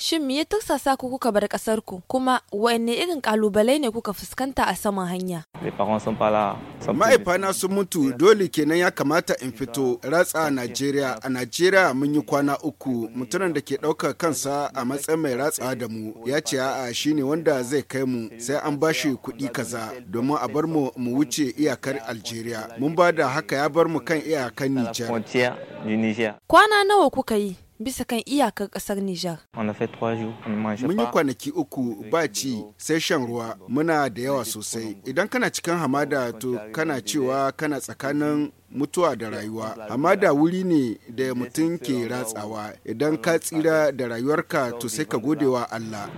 Shin me ya tursasa ku kuka bar kasar ku kuma wanne irin kalubale ne kuka fuskanta a saman hanya? Ma'aifana sun mutu dole kenan ya kamata in fito ratsa a Najeriya. A Najeriya mun yi kwana uku mutumin da ke ɗaukar kansa a matsayin mai ratsa da mu ya ce a'a shine wanda zai kai mu sai an ba shi kuɗi kaza domin a bar mu mu wuce iyakar Algeria. Mun ba da haka ya bar mu kan iyakar Nijar. Kwana nawa kuka yi? bisa kan iyakar ƙasar Nijar. Mun yi kwanaki uku ba ci sai shan ruwa muna da yawa sosai. Idan kana cikin hamada to kana cewa kana tsakanin mutuwa da rayuwa hamada wuri ne da mutum ke ratsawa idan ka tsira da rayuwarka to sai ka godewa Allah.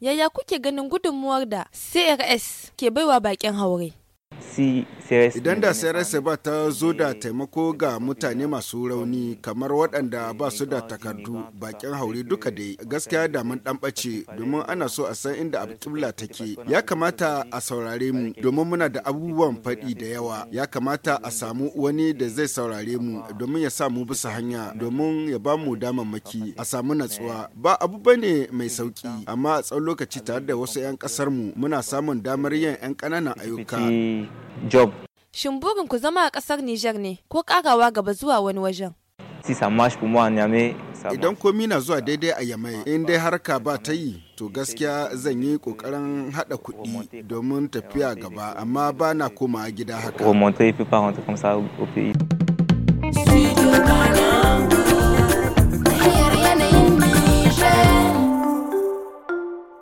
Yaya kuke ganin gudunmuwar da CRS ke baiwa bakin haure? Idan da CRS ba ta zo da taimako ga mutane masu rauni kamar waɗanda ba su da takardu bakin haure duka dai gaskiya da mun dan bace domin ana so a san inda abkibla take. Ya kamata a saurare mu domin muna da abubuwan faɗi da yawa. Ya kamata a samu wani da zai saurare mu domin ya samu bisa hanya domin ya ba mu damammaki a samu natsuwa. Ba abu bane mai sauki amma a tsawon lokaci tare da wasu 'yan ƙasar mu muna samun damar yin 'yan ƙananan ayyuka. job Shin burin ku zama a ƙasar Nijar ne ko ƙarawa gaba zuwa wani wajen? Idan komi na zuwa daidai a Yamai, in dai harka ba ta yi, to gaskiya zan yi ƙoƙarin haɗa kuɗi domin tafiya gaba, amma ba na koma gida haka.